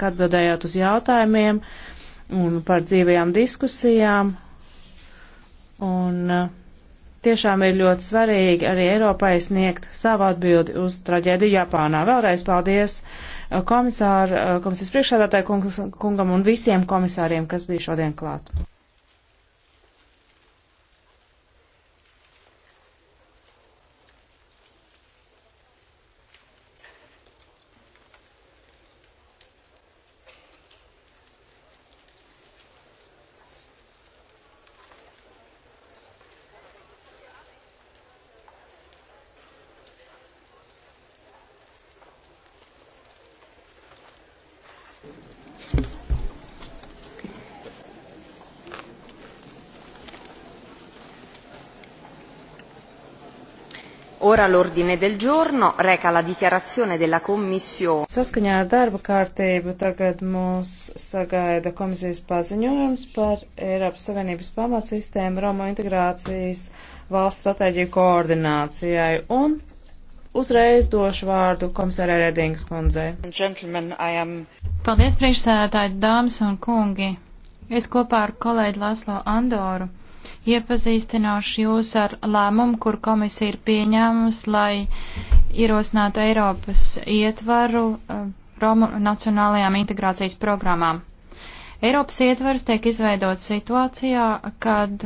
ka atbildējāt uz jautājumiem un par dzīvajām diskusijām. Un uh, tiešām ir ļoti svarīgi arī Eiropai sniegt savu atbildi uz traģēdiju Japānā. Vēlreiz paldies uh, komisāru, uh, komisijas priekšsādātāju kungam un visiem komisāriem, kas bija šodien klāt. Ora l'ordine del giorno reca la dichiarazione della Commissione. Saskaņā ar darba kārtību tagad mūs sagaida komisijas paziņojums par Eiropas Savienības pamatsistēmu Romu integrācijas valsts stratēģiju koordinācijai un uzreiz došu vārdu komisārai Redingas kundzei. Am... Paldies priekšsēdētāji, dāmas un kungi. Es kopā ar kolēģi Laslo Andoru Iepazīstināšu jūs ar lēmumu, kur komisija ir pieņēmusi, lai ierosinātu Eiropas ietvaru eh, Romu nacionālajām integrācijas programmām. Eiropas ietvars tiek izveidot situācijā, kad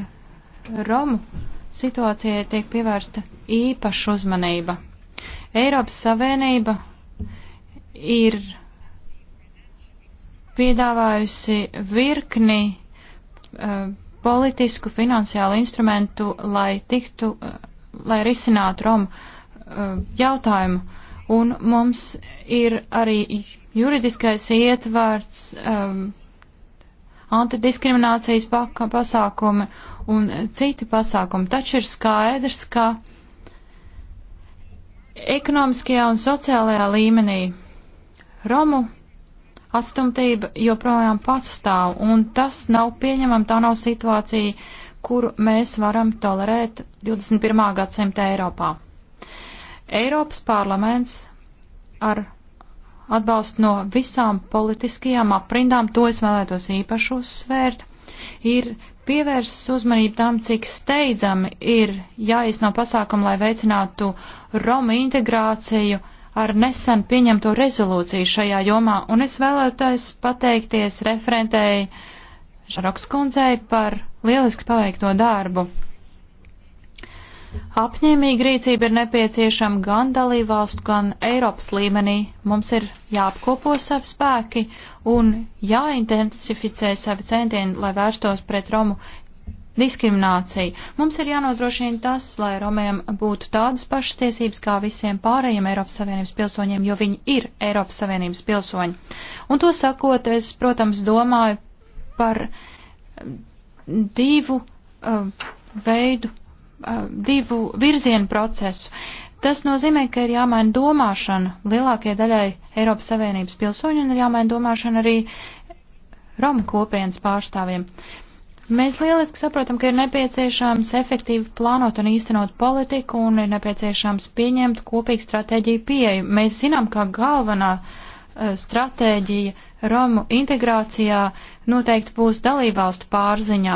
Romu situācijai tiek pievērsta īpaša uzmanība. Eiropas Savienība ir piedāvājusi virkni uh, politisku, finansiālu instrumentu, lai tiktu, lai risinātu Romu e, jautājumu. Un mums ir arī juridiskais ietvārds, um, e, antidiskriminācijas pasākumi un citi pasākumi. Taču ir skaidrs, ka ekonomiskajā un sociālajā līmenī Romu atstumtība joprojām pastāv, un tas nav pieņemam, tā nav situācija, kuru mēs varam tolerēt 21. gadsimta Eiropā. Eiropas parlaments ar atbalstu no visām politiskajām aprindām, to es vēlētos īpaši uzsvērt, ir pievērsis uzmanību tam, cik steidzami ir jāizno pasākumu, lai veicinātu Romu integrāciju ar nesen pieņemto rezolūciju šajā jomā, un es vēlētos pateikties referentēji Šaroks kundzei par lieliski paveikto darbu. Apņēmīga rīcība ir nepieciešama gan dalībvalstu, gan Eiropas līmenī. Mums ir jāapkopo savi spēki un jāintensificē savi centieni, lai vērstos pret Romu diskrimināciju. Mums ir jānodrošina tas, lai romiem būtu tādas pašas tiesības kā visiem pārējiem Eiropas Savienības pilsoņiem, jo viņi ir Eiropas Savienības pilsoņi. Un to sakot, es, protams, domāju par um, divu uh, veidu, uh, divu virzienu procesu. Tas nozīmē, ka ir jāmaina domāšana lielākajai daļai Eiropas Savienības pilsoņu un ir jāmaina domāšana arī Roma kopienas pārstāvjiem. Uh, Mēs lieliski saprotam, ka ir nepieciešams efektīvi plānot un īstenot politiku un ir nepieciešams pieņemt kopīgu stratēģiju pieeju. Mēs zinām, ka galvenā eh, stratēģija Romu integrācijā noteikti būs dalībvalstu pārziņā.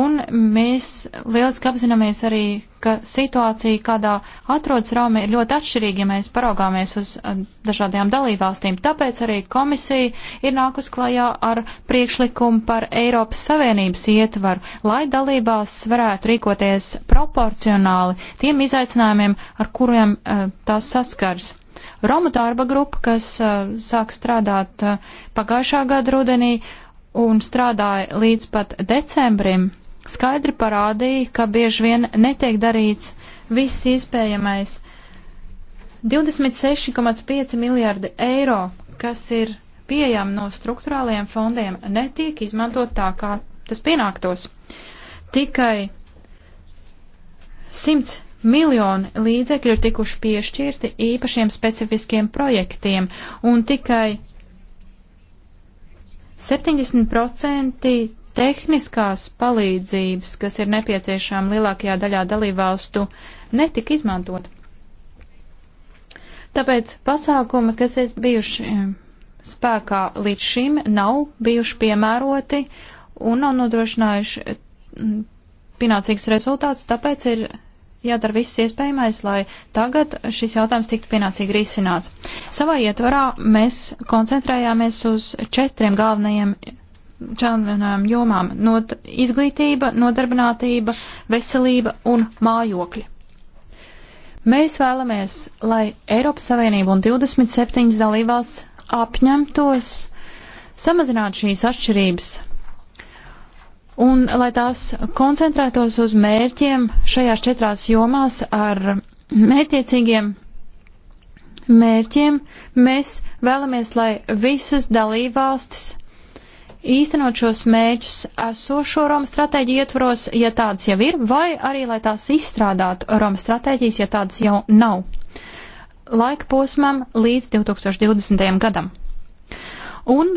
Un mēs lieliski apzināmies arī, ka situācija, kādā atrodas Romi, ir ļoti atšķirīga, ja mēs paraugāmies uz uh, dažādajām dalībvalstīm. Tāpēc arī komisija ir nākus klajā ar priekšlikumu par Eiropas Savienības ietvaru, lai dalībvalsts varētu rīkoties proporcionāli tiem izaicinājumiem, ar kuriem uh, tās saskars. Roma darba grupa, kas sāk strādāt pagājušā gada rudenī un strādāja līdz pat decembrim, skaidri parādīja, ka bieži vien netiek darīts viss iespējamais. 26,5 miljardi eiro, kas ir pieejami no struktūrālajiem fondiem, netiek izmantot tā, kā tas pienāktos. Tikai 100 Miljoni līdzekļu ir tikuši piešķirti īpašiem specifiskiem projektiem, un tikai 70% tehniskās palīdzības, kas ir nepieciešama lielākajā daļā dalībvalstu, netika izmantot. Tāpēc pasākumi, kas ir bijuši eh, spēkā līdz šim, nav bijuši piemēroti un nav nodrošinājuši mm, pienācīgs rezultāts, tāpēc ir jādara viss iespējamais, lai tagad šis jautājums tiktu pienācīgi risināts. Savā ietvarā mēs koncentrējāmies uz četriem galvenajiem čelnām jomām not, - izglītība, nodarbinātība, veselība un mājokļi. Mēs vēlamies, lai Eiropas Savienība un 27 dalībvalsts apņemtos samazināt šīs atšķirības un lai tās koncentrētos uz mērķiem šajās četrās jomās ar mērķiecīgiem mērķiem, mēs vēlamies, lai visas dalībvalstis īstenot šos mēģus esošo Romas stratēģiju ietvaros, ja tādas jau ir, vai arī, lai tās izstrādātu Romas stratēģijas, ja tādas jau nav. Laika posmam līdz 2020. gadam. Un,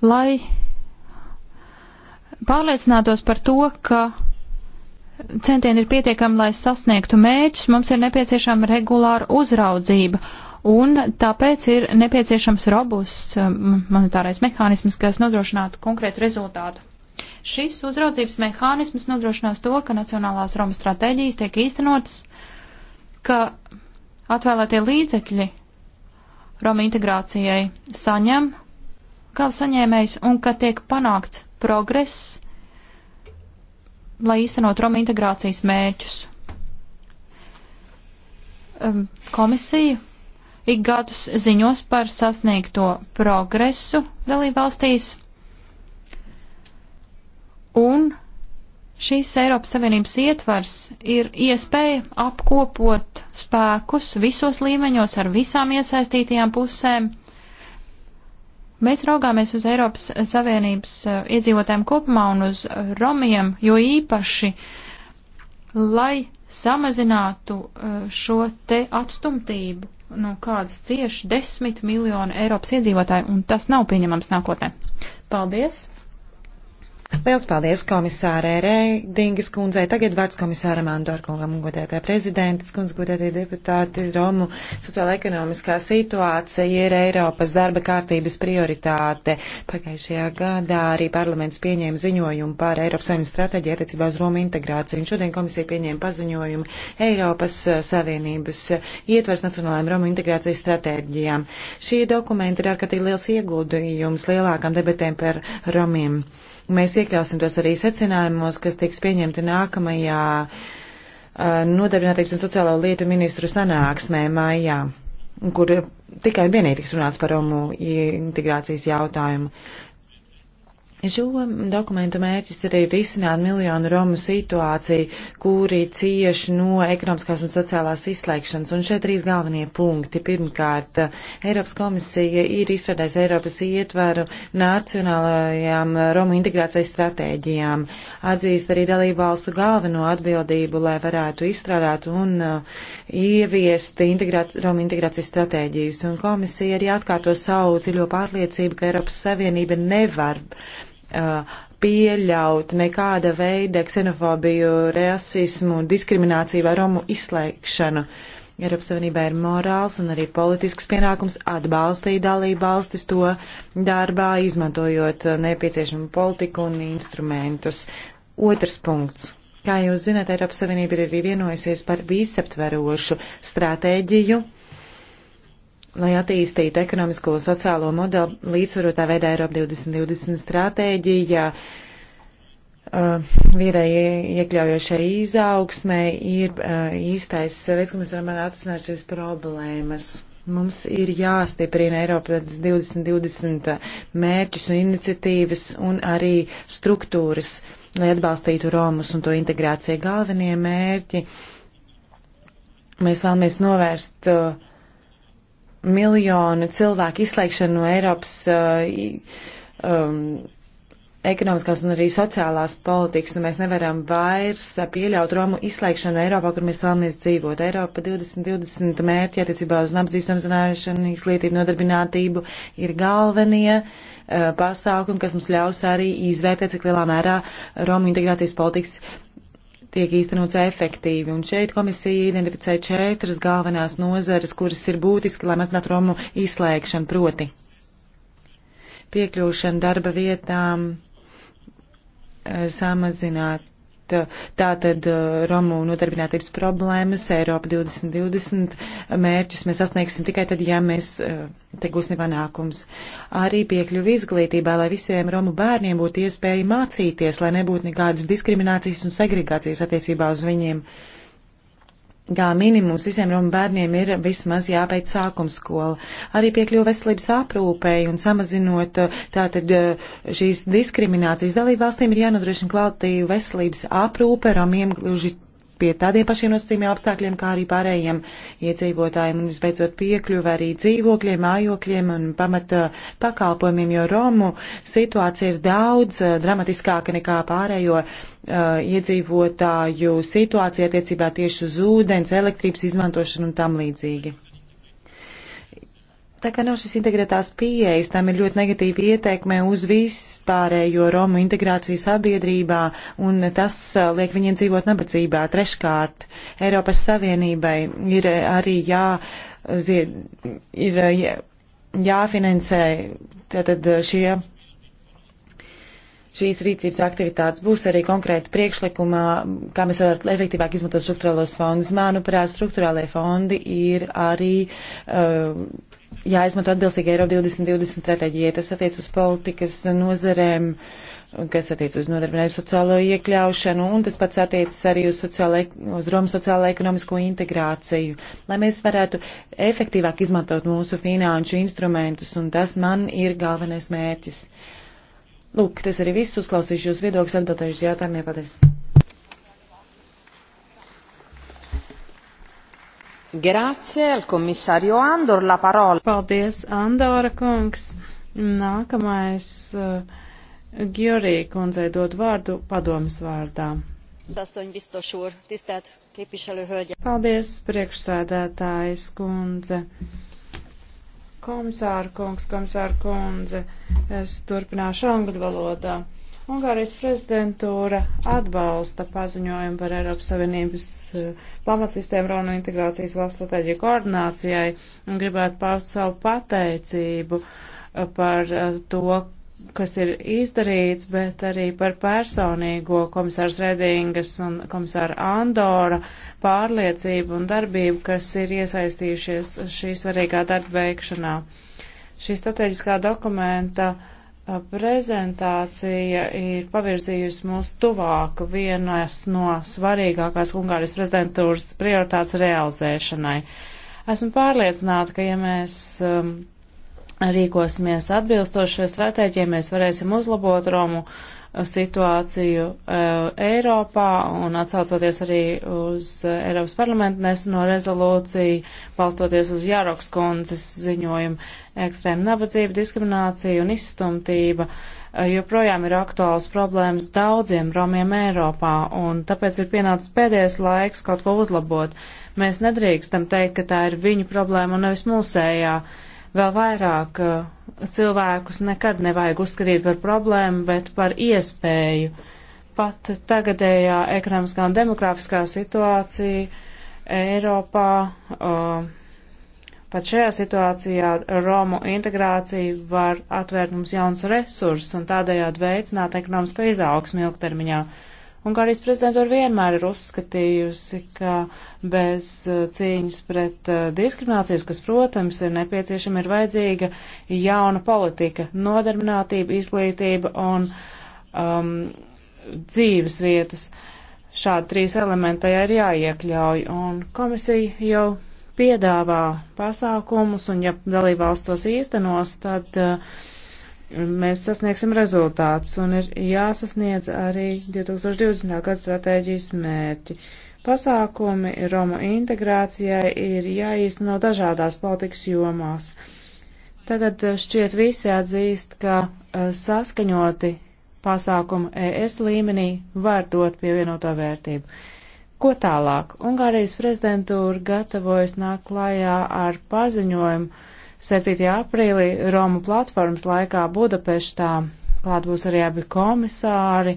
lai pārliecinātos par to, ka centieni ir pietiekami, lai sasniegtu mērķus, mums ir nepieciešama regulāra uzraudzība. Un tāpēc ir nepieciešams robusts um, monetārais mehānisms, kas nodrošinātu konkrētu rezultātu. Šis uzraudzības mehānisms nodrošinās to, ka nacionālās Romas stratēģijas tiek īstenotas, ka atvēlētie līdzekļi Roma integrācijai saņem kā saņēmējs un ka tiek panākts progress, lai īstenot Roma integrācijas mērķus. Komisija ik gadus ziņos par sasniegto progresu dalībvalstīs, un šīs Eiropas Savienības ietvars ir iespēja apkopot spēkus visos līmeņos ar visām iesaistītajām pusēm Mēs raugāmies uz Eiropas Savienības eh, iedzīvotājiem kopumā un uz romiem, jo īpaši, lai samazinātu eh, šo te atstumtību, no kādas cieši desmit miljonu Eiropas iedzīvotāju, un tas nav pieņemams nākotnē. Paldies! Liels paldies komisārē Reidingas kundzei. Tagad vārds komisāram Andorkungam, godētā prezidentas kundze, godētie deputāti. Romu sociāla-ekonomiskā situācija ir Eiropas darba kārtības prioritāte. Pagājušajā gadā arī parlaments pieņēma ziņojumu par Eiropas Savienības stratēģiju attiecībā uz Romu integrāciju. Un šodien komisija pieņēma paziņojumu Eiropas Savienības ietvers nacionālajām Romu integrācijas stratēģijām. Šie dokumenti ir ārkārtīgi liels ieguldījums lielākām debatēm par Romiem. Mēs iekļausim tos arī secinājumos, kas tiks pieņemti nākamajā nodarbinātības un sociālo lietu ministru sanāksmē maijā, kur tikai vienīgi tiks runāts par Romu integrācijas jautājumu. Šo dokumentu mērķis ir arī risināt miljonu romu situāciju, kuri cieši no ekonomiskās un sociālās izslēgšanas. Un šeit trīs galvenie punkti. Pirmkārt, Eiropas komisija ir izstrādājusi Eiropas ietveru nacionālajām romu integrācijas stratēģijām. Atzīst arī dalību valstu galveno atbildību, lai varētu izstrādāt un uh, ieviest integrāt, romu integrācijas stratēģijas. Un komisija arī atkārto savu dziļo pārliecību, ka Eiropas Savienība nevar Uh, pieļaut nekāda veida ksenofobiju, rasismu, diskrimināciju vai romu izslēgšanu. Eiropas Savienībā ir morāls un arī politisks pienākums atbalstīt dalību valstis to darbā, izmantojot nepieciešamu politiku un instrumentus. Otrs punkts. Kā jūs zināt, Eiropas Savienība ir arī vienojusies par visaptverošu stratēģiju lai attīstītu ekonomisko un sociālo modeli līdzsvarotā veidā Eiropa 2020 stratēģijā. Uh, Viedai iekļaujošai izaugsmē ir uh, īstais veids, kā mēs varam atrisināt šīs problēmas. Mums ir jāstiprina Eiropas 2020 mērķus un iniciatīvas un arī struktūras, lai atbalstītu Romus un to integrāciju. Galvenie mērķi mēs vēlamies novērst uh, miljonu cilvēku izslēgšanu no Eiropas uh, um, ekonomiskās un arī sociālās politikas, un nu, mēs nevaram vairs pieļaut Romu izslēgšanu Eiropā, kur mēs vēlamies dzīvot. Eiropa 2020 mērķi attiecībā uz nabadzības samazināšanu, izglītību, nodarbinātību ir galvenie uh, pasākumi, kas mums ļaus arī izvērtēt, cik lielā mērā Romu integrācijas politikas tiek īstenots efektīvi. Un šeit komisija identificē četras galvenās nozares, kuras ir būtiski, lai mazinātu romu izslēgšanu proti. Piekļūšana darba vietām, eh, samazināt Eh, tā tad eh, Romu nodarbinātības problēmas, Eiropa 2020 mērķus mēs sasniegsim tikai tad, ja mēs eh, te gūsim panākums. Arī piekļuvi izglītībā, lai visiem Romu bērniem būtu iespēja mācīties, lai nebūtu nekādas diskriminācijas un segregācijas attiecībā uz viņiem. Uh, kā minimums visiem Romu bērniem ir vismaz jābeidz sākums skola. Arī piekļuva veselības aprūpēji un samazinot uh, tātad uh, šīs diskriminācijas dalībvalstīm ir jānodrošina kvalitīva veselības aprūpe Romiem gluži pie tādiem pašiem nosacījumiem apstākļiem, kā arī pārējiem iedzīvotājiem, un visbeidzot piekļuvi arī dzīvokļiem, mājokļiem un pamata pakalpojumiem, jo Romu situācija ir daudz eh, dramatiskāka nekā pārējo uh, iedzīvotāju situācija attiecībā tieši uz ūdens, elektrības izmantošanu un tam līdzīgi. Tā kā nav šis integrētās pieejas, tam ir ļoti negatīva ietekme uz vispārējo Romu integrāciju sabiedrībā, un tas uh, liek viņiem dzīvot nabadzībā. Treškārt, Eiropas Savienībai ir uh, arī jā, zied, ir uh, jā, jāfinansē tātad šie šīs rīcības aktivitātes. Būs arī konkrēti priekšlikumā, kā mēs varētu efektīvāk izmantot struktūrālos fondus. Manuprāt, struktūrālie fondi ir arī uh, jāizmanto atbilstīgi Eiropa 2020 stratēģijai. Tas attiec uz politikas nozerēm, kas attiec uz nodarbinājumu sociālo iekļaušanu, un tas pats attiecas arī uz, sociālo, uz Romas sociālo ekonomisko integrāciju, lai mēs varētu efektīvāk izmantot mūsu finanšu instrumentus, un tas man ir galvenais mērķis. Lūk, tas arī viss. Uzklausīšu jūs viedokļus, atbildēšu jautājumiem. Paldies! Grazie, al komisārio Andor, la parola. Paldies, Andora kungs. Nākamais uh, eh, Gjorī kundzei dod vārdu padomas vārdā. Paldies, priekšsēdētājs kundze. Komisāra kungs, komisāra kundze, es turpināšu angļu valodā. Ungārijas prezidentūra atbalsta paziņojumu par Eiropas Savienības eh, pamatsistēmu Ronu integrācijas valsts strateģiju koordinācijai un gribētu paust savu pateicību eh, par eh, to, kas ir izdarīts, bet arī par personīgo komisārs Redingas un komisāra Andora pārliecību un darbību, kas ir iesaistījušies šī svarīgā darba veikšanā. Šī strateģiskā dokumenta uh, prezentācija ir pavirzījusi mūs tuvāk vienas no svarīgākās Ungārijas prezidentūras prioritātes realizēšanai. Esmu pārliecināta, ka ja mēs um, rīkosimies atbilstoši šai stratēģijai, mēs varēsim uzlabot Romu situāciju e, Eiropā un atsaucoties arī uz Eiropas parlamentu neseno rezolūciju, balstoties uz Jāroks kundzes ziņojumu, ekstrēma nabadzība, diskriminācija un izstumtība e, joprojām ir aktuāls problēmas daudziem romiem Eiropā, un tāpēc ir pienācis pēdējais laiks kaut ko uzlabot. Mēs nedrīkstam teikt, ka tā ir viņu problēma un nevis mūsējā. Uh, Vēl vairāk eh, cilvēkus nekad nevajag uzskatīt par problēmu, bet par iespēju. Pat tagadējā ekonomiskā un demografiskā situācija Eiropā, eh, pat šajā situācijā Romu integrācija var atvērt mums jauns resursus un tādējādi veicināt ekonomisko izaugsmu ilgtermiņā. Ungārijas prezidentūra vienmēr ir uzskatījusi, ka bez uh, cīņas pret uh, diskriminācijas, kas, protams, ir nepieciešama, ir vajadzīga jauna politika - nodarbinātība, izglītība un um, dzīves vietas. Šādi trīs elementi tajā ir jāiekļauj, un komisija jau piedāvā pasākumus, un ja dalībvalsts tos īstenos, tad uh, mēs sasniegsim rezultātus un ir jāsasniedz arī 2020. gada stratēģijas mērķi. Pasākumi Roma integrācijai ir jāīsteno dažādās politikas jomās. Tagad eh, šķiet visi atzīst, ka eh, saskaņoti pasākumu ES līmenī var dot pievienoto vērtību. Ko tālāk? Ungārijas prezidentūra gatavojas nāk klājā ar paziņojumu, 7. aprīlī Romu platformas laikā Budapeštā. Klāt būs arī abi komisāri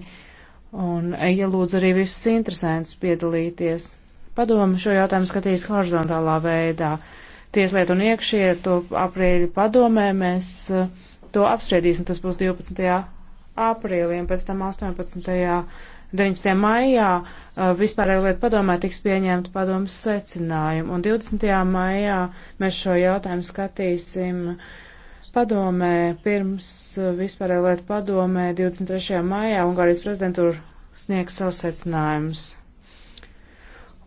un ielūdzu ja arī visus interesantus piedalīties. Padomu šo jautājumu skatīs horizontālā veidā. Tieslietu un iekšieto aprīļu padomē mēs uh, to apspriedīsim. Tas būs 12. aprīlī un pēc tam 18 19. maijā uh, vispārējo lietu padomē tiks pieņemta padomas secinājumi, un 20. maijā mēs šo jautājumu skatīsim padomē pirms uh, vispārējo lietu padomē 23. maijā Ungārijas prezidentūra sniegs savus secinājumus.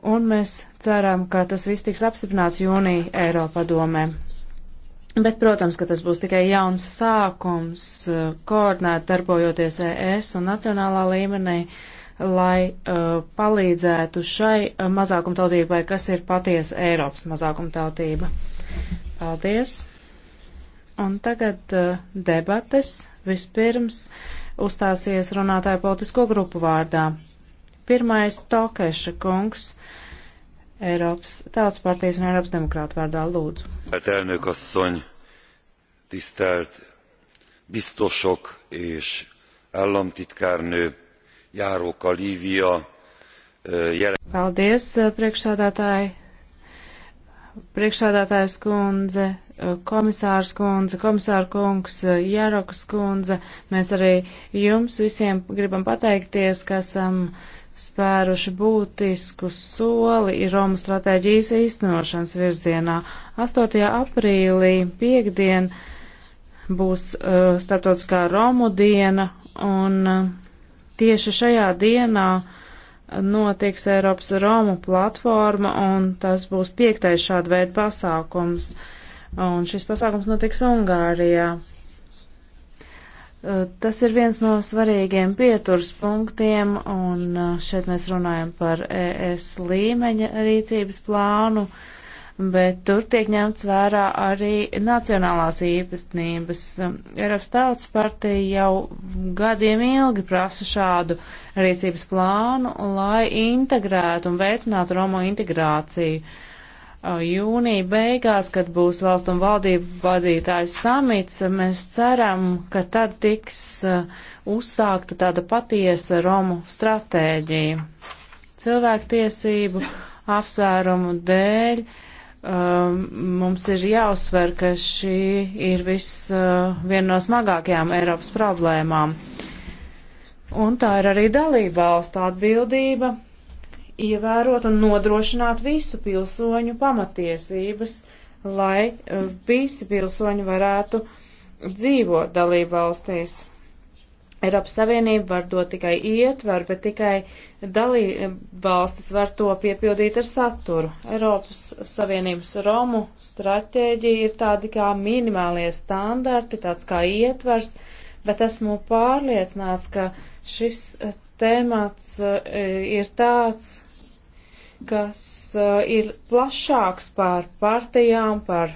Un mēs ceram, ka tas viss tiks apstiprināts jūnija Eiropadomē. Bet, protams, ka tas būs tikai jauns sākums, uh, koordinēt darbojoties ES un nacionālā līmenī. Uh, lai uh, palīdzētu šai uh, mazākumtautībai, kas ir patiesa Eiropas mazākumtautība. Paldies! Un tagad uh, debates. Vispirms uzstāsies runātāja politisko grupu vārdā. Pirmais Tokeša kungs Eiropas Tautas partijas un Eiropas demokrāta vārdā lūdzu. Elnök asszony, tisztelt biztosok és államtitkárnő, Jāruka Līvija. Paldies, priekšsādātāji. Priekšsādātājs kundze, komisārs kundze, komisāra kungs, Jārokas kundze, mēs arī jums visiem gribam pateikties, ka esam spēruši būtisku soli Romu stratēģijas īstenošanas virzienā. 8. aprīlī piekdien būs uh, starptautiskā Romu diena un uh, Tieši šajā dienā notiks Eiropas Romu platforma, un tas būs piektais šāda veida pasākums. Un šis pasākums notiks Ungārijā. Uh, tas ir viens no svarīgiem pieturs punktiem, un uh, šeit mēs runājam par ES līmeņa rīcības plānu. Uh, bet tur tiek ņemts vērā arī nacionālās īpatnības. Um, Eiropas Tautas partija jau gadiem ilgi prasa šādu rīcības plānu, lai integrētu un veicinātu Romu integrāciju. Uh, Jūnija beigās, kad būs valstu un valdību vadītāju samits, mēs ceram, ka tad tiks uh, uzsākta tāda patiesa Romu stratēģija. Cilvēktiesību apsvērumu dēļ uh, Um, mums ir jāuzsver, ka šī ir viss uh, viena no smagākajām Eiropas problēmām. Un tā ir arī dalība valstu atbildība ievērot un nodrošināt visu pilsoņu pamatiesības, lai uh, visi pilsoņi varētu dzīvot dalība valstīs. Eiropas Savienība var dot tikai ietvaru, bet tikai dalībvalstis var to piepildīt ar saturu. Eiropas Savienības Romu stratēģija ir tādi kā minimālie standarti, tāds kā ietvars, bet esmu pārliecināts, ka šis temats e, ir tāds, kas e, ir plašāks par partijām, par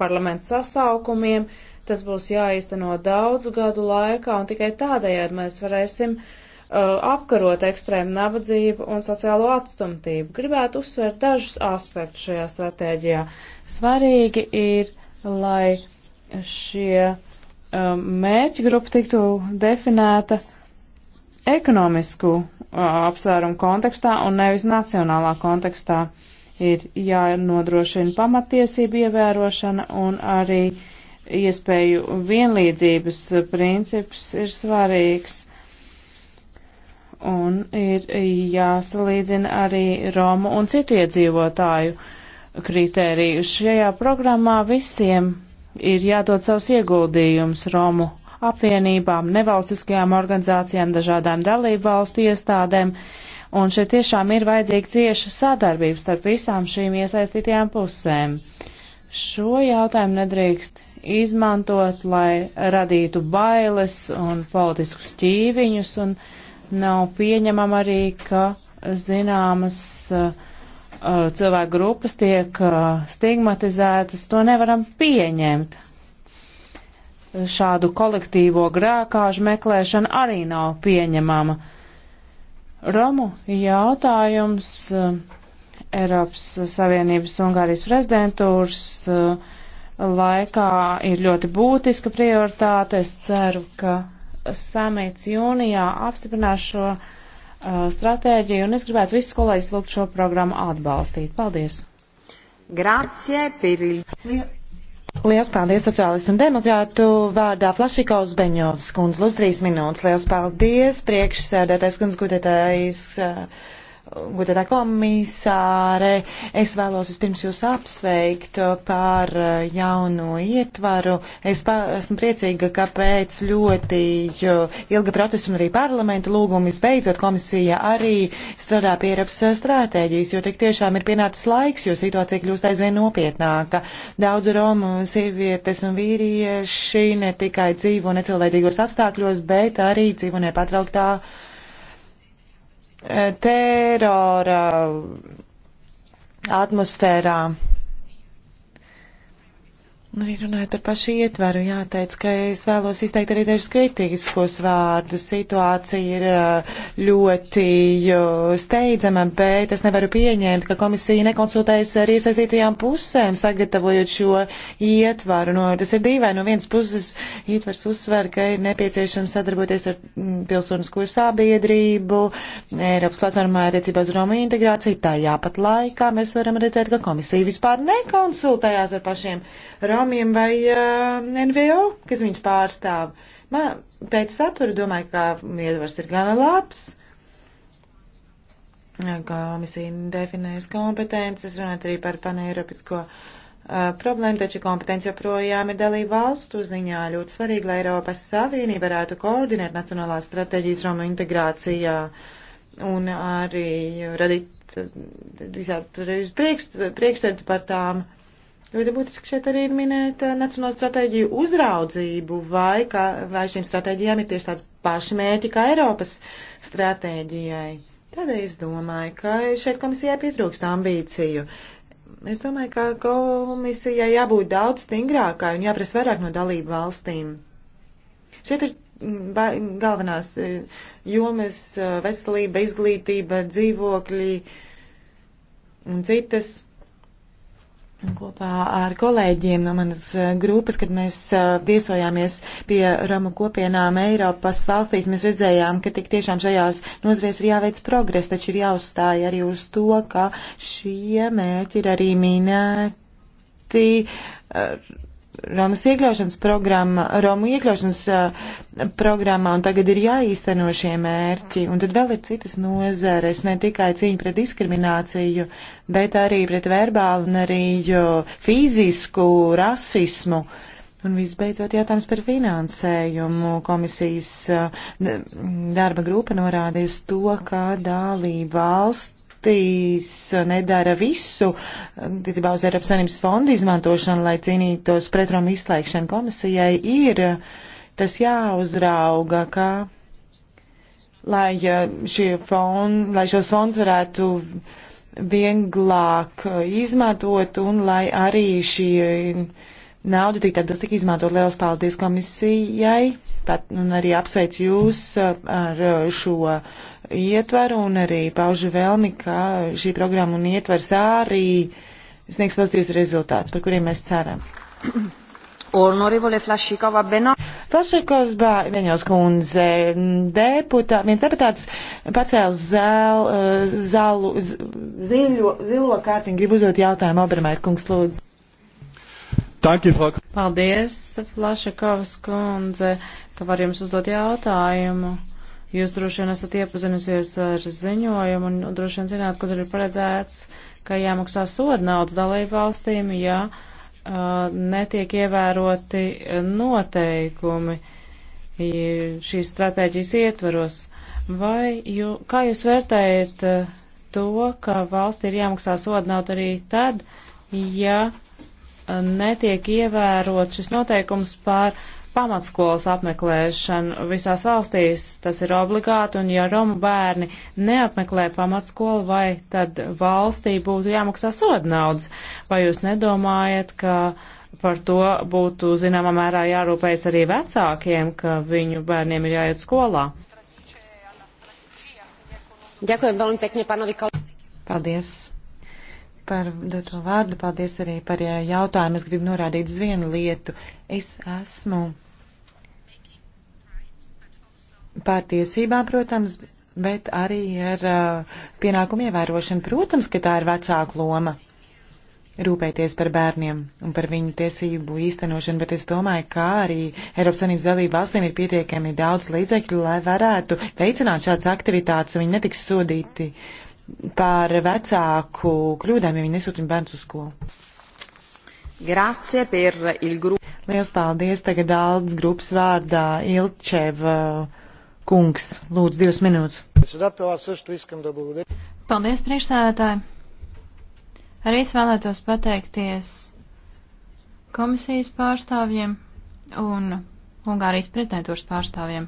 parlamentu sasaukumiem, uh, Tas būs jāīsteno daudzu gadu laikā, un tikai tādējādi mēs varēsim uh, apkarot ekstrēmu nabadzību un sociālo atstumtību. Gribētu uzsvērt dažus aspektus šajā stratēģijā. Svarīgi ir, lai šie um, mērķi grupa tiktu definēta ekonomisku uh, apsvērumu kontekstā un nevis nacionālā kontekstā. Ir jānodrošina pamatiesību ievērošana un arī uh, iespēju vienlīdzības princips ir svarīgs. Un ir jāsalīdzina arī Romu un citu iedzīvotāju kritēriju. Šajā programmā visiem ir jādod savs ieguldījums Romu apvienībām, nevalstiskajām organizācijām, dažādām dalību valstu iestādēm, un šeit tiešām ir vajadzīga cieša sadarbība starp visām šīm iesaistītajām pusēm. Šo jautājumu nedrīkst izmantot, lai radītu bailes un politiskus ķīviņus, un nav pieņemam arī, ka zināmas uh, uh cilvēku grupas tiek uh, stigmatizētas, to nevaram pieņemt. Šādu kolektīvo grēkāžu meklēšana arī nav pieņemama. Romu jautājums uh, Eiropas Savienības Ungārijas prezidentūras uh, laikā ir ļoti būtiska prioritāte. Es ceru, ka samits jūnijā apstiprinās šo uh, stratēģiju, un es gribētu visus kolēģis lūgt šo programmu atbalstīt. Paldies! Grācie, Pirī! Lielas paldies sociālistu un demokrātu vārdā Flašika Uzbeņovs, kundz, lūdzu trīs minūtes. Lielas paldies, priekšsēdētais kundz, gudētais. Uh, Godātā komisāre, es vēlos vispirms jūs apsveikt par uh, jauno ietvaru. Es pa, esmu priecīga, ka pēc ļoti ilga procesa un arī parlamenta lūgumis beidzot komisija arī strādā pie Eiropas stratēģijas, jo tik tiešām ir pienācis laiks, jo situācija kļūst aizvien nopietnāka. Daudz Romu sievietes un vīrieši ne tikai dzīvo necilvēcīgos apstākļos, bet arī dzīvo nepatrauktā terora atmosfērā. Nu, runājot par pašu ietvaru, jāteic, ka es vēlos izteikt arī dažus kritiskos vārdus. Situācija ir ļoti steidzama, bet es nevaru pieņemt, ka komisija nekonsultējas ar iesaistītajām pusēm, sagatavojot šo ietvaru. No, nu, tas ir divi, no vienas puses ietvars uzsver, ka ir nepieciešams sadarboties ar mm, pilsonisko sabiedrību, Eiropas platformā attiecībā uz Romu integrāciju. Tajāpat laikā mēs varam redzēt, ka komisija vispār nekonsultējās ar pašiem. Romu uzņēmumiem vai uh, eh, NVO, kas viņus pārstāv. Man pēc satura domāju, ka iedvars ir gana labs. Komisija definējas kompetences, runāt arī par paneiropisko uh, eh, problēma, taču kompetence joprojām ir dalība valstu ziņā. Ļoti svarīgi, lai Eiropas Savienība varētu koordinēt nacionālās stratēģijas Romu integrācijā un arī radīt eh, visādi priekšstatu par tām. Ļoti būtiski šeit arī ir minēt eh, nacionālo stratēģiju uzraudzību, vai, kā, vai šīm stratēģijām ir tieši tāds paši mērķi kā Eiropas stratēģijai. Tādēļ es domāju, ka šeit komisijai pietrūkst ambīciju. Es domāju, ka komisijai jābūt daudz stingrākai un jāprasa vairāk no dalību valstīm. Šeit ir mm, galvenās eh, jomas eh, - veselība, izglītība, dzīvokļi un citas Kopā ar kolēģiem no manas eh, grupas, kad mēs eh, viesojāmies pie Romu kopienām Eiropas valstīs, mēs redzējām, ka tik tiešām šajās nozarēs ir jāveic progres, taču ir jāuzstāja arī uz to, ka šie mērķi ir arī minēti eh, Romas iekļaušanas programma, Romu iekļaušanas uh, programmā, un tagad ir jāīsteno šie mērķi, un tad vēl ir citas nozares, ne tikai cīņa pret diskrimināciju, bet arī pret verbālu un arī fizisku rasismu. Un visbeidzot jautājums par finansējumu. Komisijas uh, darba grupa norādījusi to, ka dalība valsts valstīs nedara visu, ticībā uz Eiropas Savienības fondu izmantošanu, lai cīnītos pret Romu izslēgšanu komisijai, ir tas jāuzrauga, ka lai, fond, lai šos fondus varētu vieglāk izmantot un lai arī šī nauda tik tad tika izmantot. Lielas paldies komisijai pat, un arī apsveicu jūs ar šo ietvaru un arī paužu vēlmi, ka šī programma un ietvars arī sniegs pozitīvs rezultāts, par kuriem mēs ceram. Honorevole Flašikova Beno. Flašikovs Bēņos kundze, deputā, viens deputāts pacēla zēl, e, zālu, ziļo, zilo kārtiņu, grib uzdot jautājumu Obermēr kungs lūdzu. Tanki, Flak. Paldies, Flašikovs kundze, ka var jums uzdot jautājumu. Jūs droši vien esat iepazinusies ar ziņojumu un droši vien zināt, kur ir paredzēts, ka jāmaksā soda naudas dalību valstīm, ja uh, netiek ievēroti noteikumi šīs stratēģijas ietvaros. Vai jū, kā jūs vērtējat to, ka valstī ir jāmaksā soda nauda arī tad, ja netiek ievērot šis noteikums par uh, pamatskolas apmeklēšanu visās valstīs. Tas ir obligāti, un ja Romu bērni neapmeklē pamatskolu, vai tad valstī būtu jāmaksā soda naudas? Vai jūs nedomājat, ka par to būtu zināmā mērā jārūpējas arī vecākiem, ka viņu bērniem ir jāiet skolā? Ďakujem veľmi pekne pánovi Paldies par doto vārdu, paldies arī par eh, jautājumu. Es gribu norādīt uz vienu lietu. Es esmu pār tiesībām, protams, bet arī ar eh, pienākumu ievērošanu. Protams, ka tā ir vecāku loma rūpēties par bērniem un par viņu tiesību īstenošanu, bet es domāju, ka arī Eiropas Savienības dalību valstīm ir pietiekami daudz līdzekļu, lai varētu veicināt šādas aktivitātes, un viņi netiks sodīti uh, par vecāku kļūdām, ja viņi nesūtiņ bērns uz skolu. Grazie per il grupu. Liels paldies tagad Aldas grupas vārdā Ilčeva uh, kungs. Lūdzu, divas minūtes. Paldies, priekšsēdētāji. Arī es vēlētos pateikties komisijas pārstāvjiem un Ungārijas prezidentūras pārstāvjiem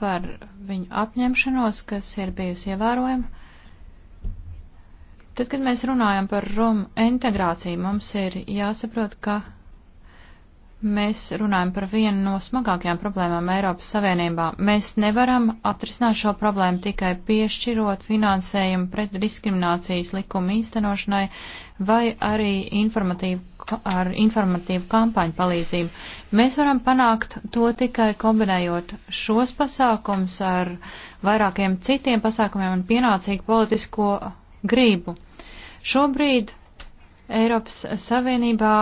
par viņu apņemšanos, kas ir bijusi ievērojama. Tad, kad mēs runājam par Romu integrāciju, mums ir jāsaprot, ka mēs runājam par vienu no smagākajām problēmām Eiropas Savienībā. Mēs nevaram atrisināt šo problēmu tikai piešķirot finansējumu pret diskriminācijas likumu īstenošanai, vai arī informatīvu, ar informatīvu kampaņu palīdzību. Mēs varam panākt to tikai kombinējot šos pasākums ar vairākiem citiem pasākumiem un pienācīgu politisko gribu. Šobrīd Eiropas Savienībā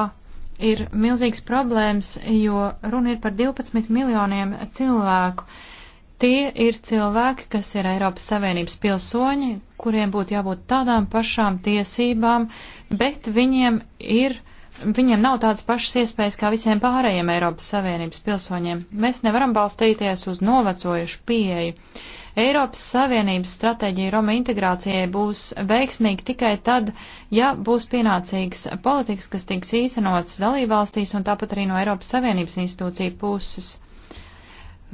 ir milzīgs problēmas, jo runa ir par 12 miljoniem cilvēku Tie ir cilvēki, kas ir Eiropas Savienības pilsoņi, kuriem būtu jābūt tādām pašām tiesībām, bet viņiem ir. Viņiem nav tādas pašas iespējas kā visiem pārējiem Eiropas Savienības pilsoņiem. Mēs nevaram balstīties uz novecojušu pieeju. Eiropas Savienības stratēģija Roma integrācijai būs veiksmīga tikai tad, ja būs pienācīgs politikas, kas tiks īstenots dalībvalstīs un tāpat arī no Eiropas Savienības institūcija puses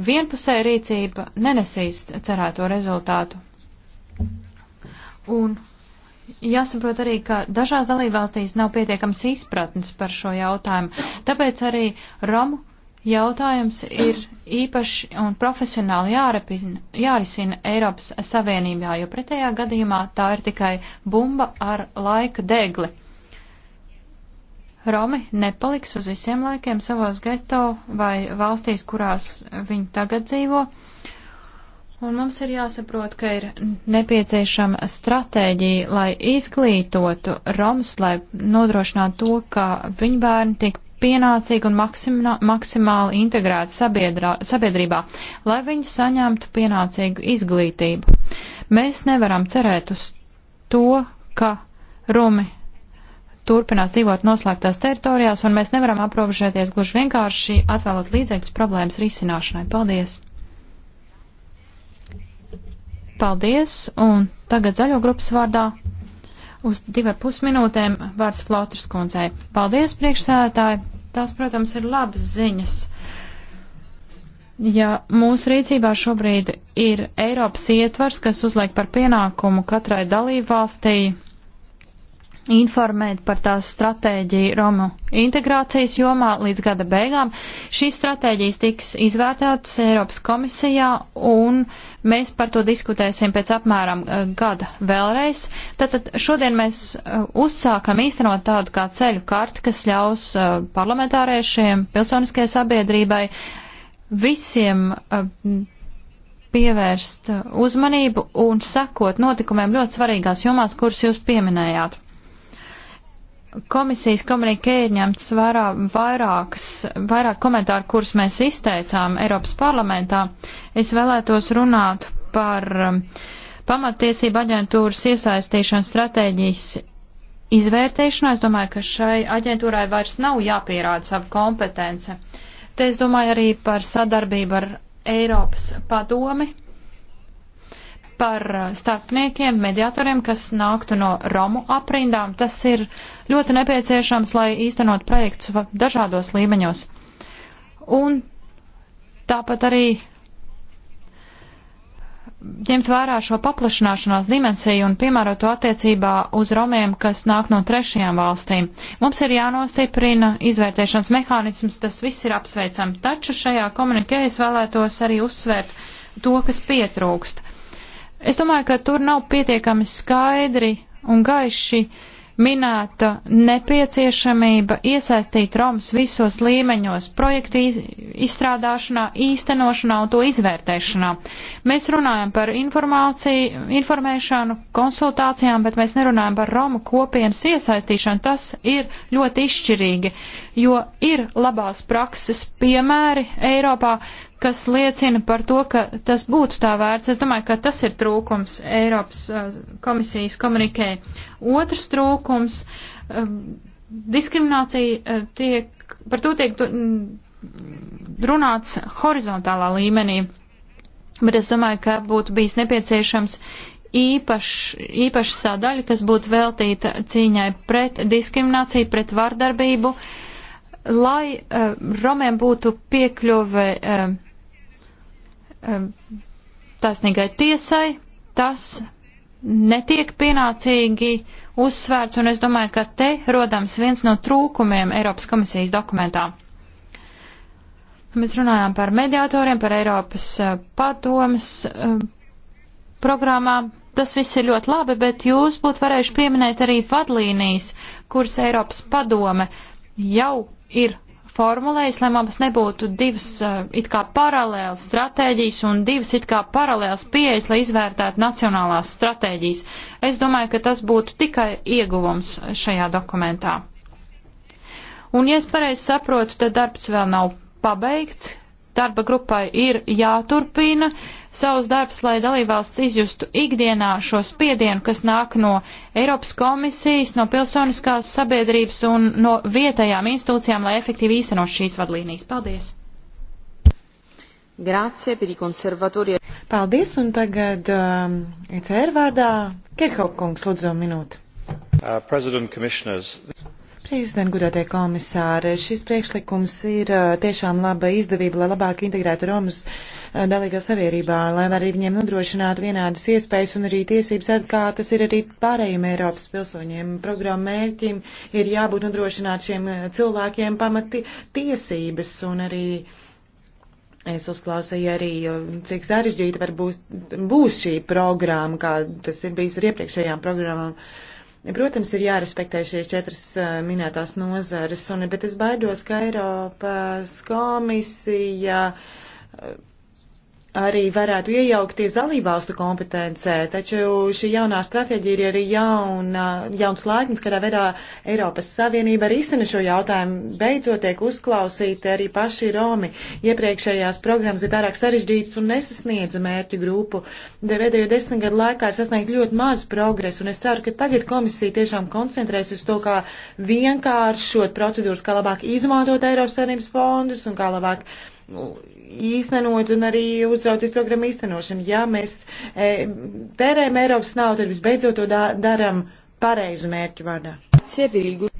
vienpusēja rīcība nenesīs cerēto rezultātu. Un jāsaprot arī, ka dažās dalībvalstīs nav pietiekams izpratnes par šo jautājumu. Tāpēc arī Romu jautājums ir īpaši un profesionāli jārepina, jārisina Eiropas Savienībā, jo pretējā gadījumā tā ir tikai bumba ar laika degli. Romi nepaliks uz visiem laikiem savos geto vai valstīs, kurās viņi tagad dzīvo. Un mums ir jāsaprot, ka ir nepieciešama stratēģija, lai izglītotu Romus, lai nodrošinātu to, ka viņu bērni tiek pienācīgi un maksimā, maksimāli integrēti sabiedrā, sabiedrībā, lai viņi saņemtu pienācīgu izglītību. Mēs nevaram cerēt uz to, ka Romi turpinās dzīvot noslēgtās teritorijās, un mēs nevaram aprobežēties gluži vienkārši atvēlot līdzekļus problēmas risināšanai. Paldies! Paldies! Un tagad zaļo grupas vārdā uz divar pusminūtēm vārds Flotras kundzei. Paldies, priekšsēdētāji! Tās, protams, ir labas ziņas. Ja mūsu rīcībā šobrīd ir Eiropas ietvars, kas uzliek par pienākumu katrai dalībvalstī informēt par tās stratēģiju Romu integrācijas jomā līdz gada beigām. Šīs stratēģijas tiks izvērtētas Eiropas komisijā un mēs par to diskutēsim pēc apmēram eh, gada vēlreiz. Tātad šodien mēs eh, uzsākam īstenot tādu kā ceļu karti, kas ļaus eh, parlamentāriešiem, pilsoniskajai sabiedrībai visiem pievērst uzmanību un sekot notikumiem ļoti svarīgās jomās, kuras jūs pieminējāt komisijas komunikē ir ņemts vērā vairākas, vairāk komentāru, kurus mēs izteicām Eiropas parlamentā. Es vēlētos runāt par um, pamatiesību aģentūras iesaistīšanu stratēģijas izvērtēšanā. Es domāju, ka šai aģentūrai vairs nav jāpierāda savu kompetence. Te es domāju arī par sadarbību ar Eiropas padomi par starpniekiem, mediatoriem, kas nāktu no Romu aprindām. Tas ir uh, ļoti nepieciešams, lai īstenot projektus dažādos līmeņos. Un tāpat arī ņemt vērā šo paplašināšanās dimensiju un piemērot to attiecībā uz romiem, kas nāk no trešajām valstīm. Mums ir jānostiprina izvērtēšanas mehānisms, tas viss ir apsveicam, taču šajā komunikē es vēlētos arī uzsvērt to, kas pietrūkst. Es domāju, ka tur nav pietiekami skaidri un gaiši uh, minēta nepieciešamība iesaistīt Romas visos līmeņos projektu izstrādāšanā, īstenošanā un to izvērtēšanā. Mēs runājam par informāciju, informēšanu, konsultācijām, bet mēs nerunājam par Romu kopienas iesaistīšanu. Tas ir ļoti izšķirīgi, jo ir labās prakses piemēri Eiropā, kas liecina par to, ka tas būtu tā vērts. Es domāju, ka tas ir trūkums Eiropas uh, komisijas komunikē. Otrs trūkums um, - diskriminācija uh, tiek, par to tiek mm, runāts horizontālā līmenī, bet es domāju, ka būtu bijis nepieciešams īpaš, īpaša sadaļa, kas būtu veltīta cīņai pret diskrimināciju, pret vardarbību, lai uh, romiem būtu piekļuve uh, Um, taisnīgai tiesai, tas netiek pienācīgi uzsvērts, un es domāju, ka te rodams viens no trūkumiem Eiropas komisijas dokumentā. Mēs runājām par mediatoriem, par Eiropas uh, padomas uh, programmām. Tas viss ir ļoti labi, bet jūs būtu varējuši pieminēt arī vadlīnijas, kuras Eiropas padome jau ir formulējis, lai mums nebūtu divas eh, it kā paralēlas stratēģijas un divas it kā paralēlas pieejas, lai izvērtētu nacionālās stratēģijas. Es domāju, ka tas būtu tikai ieguvums šajā dokumentā. Un, ja es pareizi saprotu, tad darbs vēl nav pabeigts, darba grupai ir jāturpina savus darbus, lai dalībvalsts izjustu ikdienā šo spiedienu, kas nāk no Eiropas komisijas, no pilsoniskās sabiedrības un no vietējām institūcijām, lai efektīvi īstenot šīs vadlīnijas. Paldies! Grācie par konservatoriju. Paldies, un tagad um, ECR vārdā Kirkhope kungs, lūdzu, minūti. Uh, Prezident, gudātie komisāri, šis priekšlikums ir tiešām laba izdevība, lai labāk integrētu Romas dalīgā savierībā, lai arī viņiem nodrošinātu vienādas iespējas un arī tiesības, kā tas ir arī pārējiem Eiropas pilsoņiem. Programma mērķim ir jābūt nodrošināt šiem cilvēkiem pamati tiesības un arī. Es uzklausīju arī, cik sarežģīta var būs, būs šī programma, kā tas ir bijis ar iepriekšējām programmām. Uh, Protams, ir jārespektē šīs četras minētās nozares, un, bet es baidos, ka Eiropas komisija arī varētu iejaukties dalībvalstu kompetencē, taču šī jaunā stratēģija ir arī jauna, jauns laikmets, kādā veidā Eiropas Savienība arī izsina šo jautājumu. Beidzot tiek uzklausīti arī paši Romi. Iepriekšējās programmas ir pārāk sarežģītas un nesasniedza mērķu grupu. Pēdējo desmit gadu laikā ir sasniegt ļoti maz progresu, un es ceru, ka tagad komisija tiešām koncentrēsies uz to, kā vienkāršot procedūras, kā labāk izmantot Eiropas Savienības fondus un kā labāk nu, īstenot un arī uzraudzīt programmu īstenošanu. Ja mēs e, tērējam Eiropas naudu, tad visbeidzot to da daram pareizu mērķu vārdā.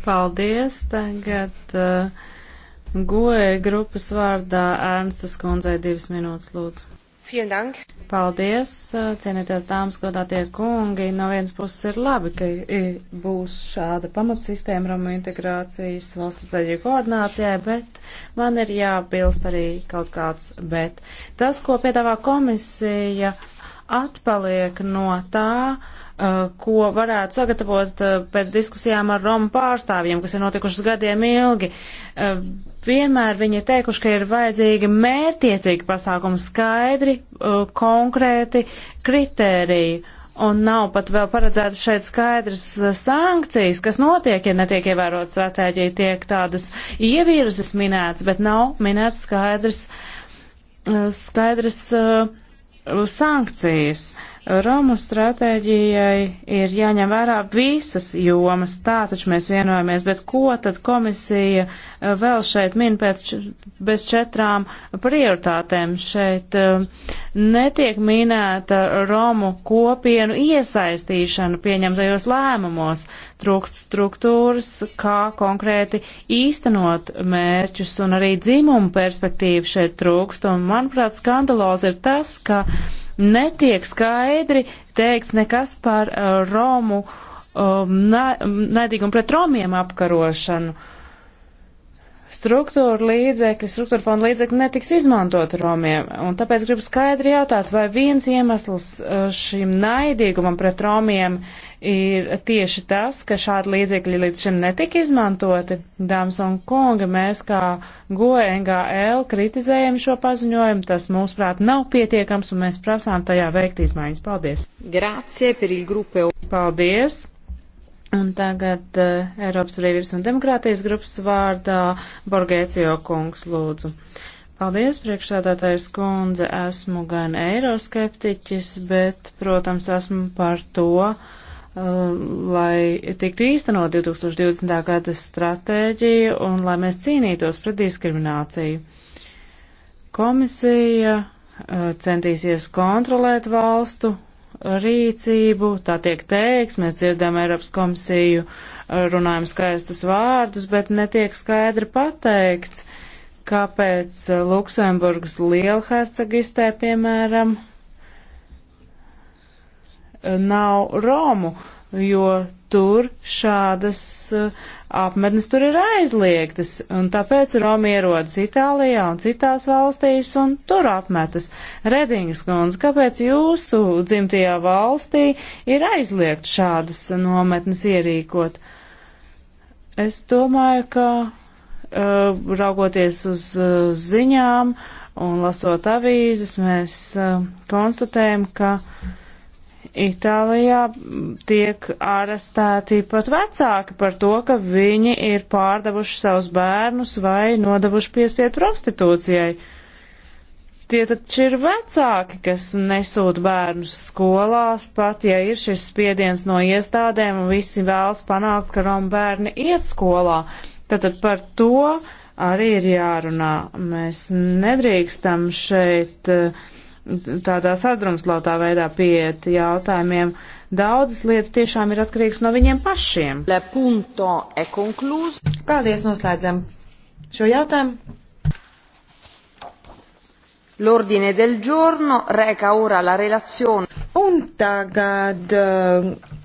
Paldies. Tagad uh, e, goja grupas vārdā Ernstas kundzei divas minūtes lūdzu. Paldies, cienītās dāmas, godātie kungi. No vienas puses ir labi, ka būs šāda pamatsistēma Roma integrācijas valsts strateģiju koordinācijai, bet man ir jābilst arī kaut kāds bet. Tas, ko piedāvā komisija, atpaliek no tā, uh, Uh, ko varētu sagatavot uh, pēc diskusijām ar Romu pārstāvjiem, kas ir notikušas gadiem ilgi. Uh, vienmēr viņi ir teikuši, ka ir vajadzīgi mērtiecīgi pasākumi, skaidri, konkrēti kritēriji. Un nav pat vēl paredzēta šeit skaidrs sankcijas, kas notiek, ja netiek ievērot stratēģija, tiek tādas ievirzes minētas, bet nav minēts skaidrs, skaidrs sankcijas. Uh, sankcijas. Romu stratēģijai ir jāņem vērā visas jomas, tā taču mēs vienojamies, bet ko tad komisija eh, vēl šeit min pēc bez četrām prioritātēm? Šeit eh, netiek minēta Romu kopienu iesaistīšana pieņemtajos lēmumos, trūkst struktūras, kā konkrēti īstenot mērķus un arī dzimumu perspektīvu šeit trūkst, un manuprāt skandalozi ir tas, ka netiek skaidri teikts nekas par uh, Romu um, naidīgumu pret Romiem apkarošanu. Uh, struktūra līdzekļi, struktūra fonda līdzekļi netiks izmantot Romiem. Un tāpēc gribu skaidri jautāt, vai viens iemesls uh, šim naidīgumam pret Romiem ir tieši tas, ka šādi līdzekļi līdz šim netika izmantoti. Dāmas un kungi, mēs kā GOENGL kritizējam šo paziņojumu, tas mūsuprāt nav pietiekams un mēs prasām tajā veikt izmaiņas. Paldies! Grācie par il grupe. Paldies! Un tagad uh, Eiropas brīvības un demokrātijas grupas vārdā Borgēcijo kungs lūdzu. Paldies, priekšsādātājs kundze, esmu gan eiroskeptiķis, bet, protams, esmu par to, eh, lai tiktu īstenot 2020. gada stratēģija un lai mēs cīnītos pret diskrimināciju. Komisija eh, centīsies kontrolēt valstu rīcību, tā tiek teiks, mēs dzirdam Eiropas komisiju, runājam skaistus vārdus, bet netiek skaidri pateikts, kāpēc Luksemburgas lielhercegistē, piemēram, nav Romu, jo tur šādas uh, apmetnes tur ir aizliegtas, un tāpēc Romi ierodas Itālijā un citās valstīs un tur apmetas. Redingas kundze, kāpēc jūsu dzimtajā valstī ir aizliegt šādas nometnes ierīkot? Es domāju, ka uh, raugoties uz uh, ziņām un lasot avīzes, mēs uh, konstatējam, ka uh, Itālijā tiek arestēti pat vecāki par to, ka viņi ir pārdevuši savus bērnus vai nodevuši piespiedu prostitūcijai. Tie taču ir vecāki, kas nesūt bērnus skolās, pat ja ir šis spiediens no iestādēm un visi vēlas panākt, ka Roma bērni iet skolā. Tātad par to arī ir jārunā. Mēs nedrīkstam šeit uh, tādā sadrumslautā veidā pieiet jautājumiem. Daudzas lietas tiešām ir atkarīgas no viņiem pašiem. Paldies, noslēdzam šo jautājumu. L'ordine del giorno reca ora la relazione. Un tagad uh,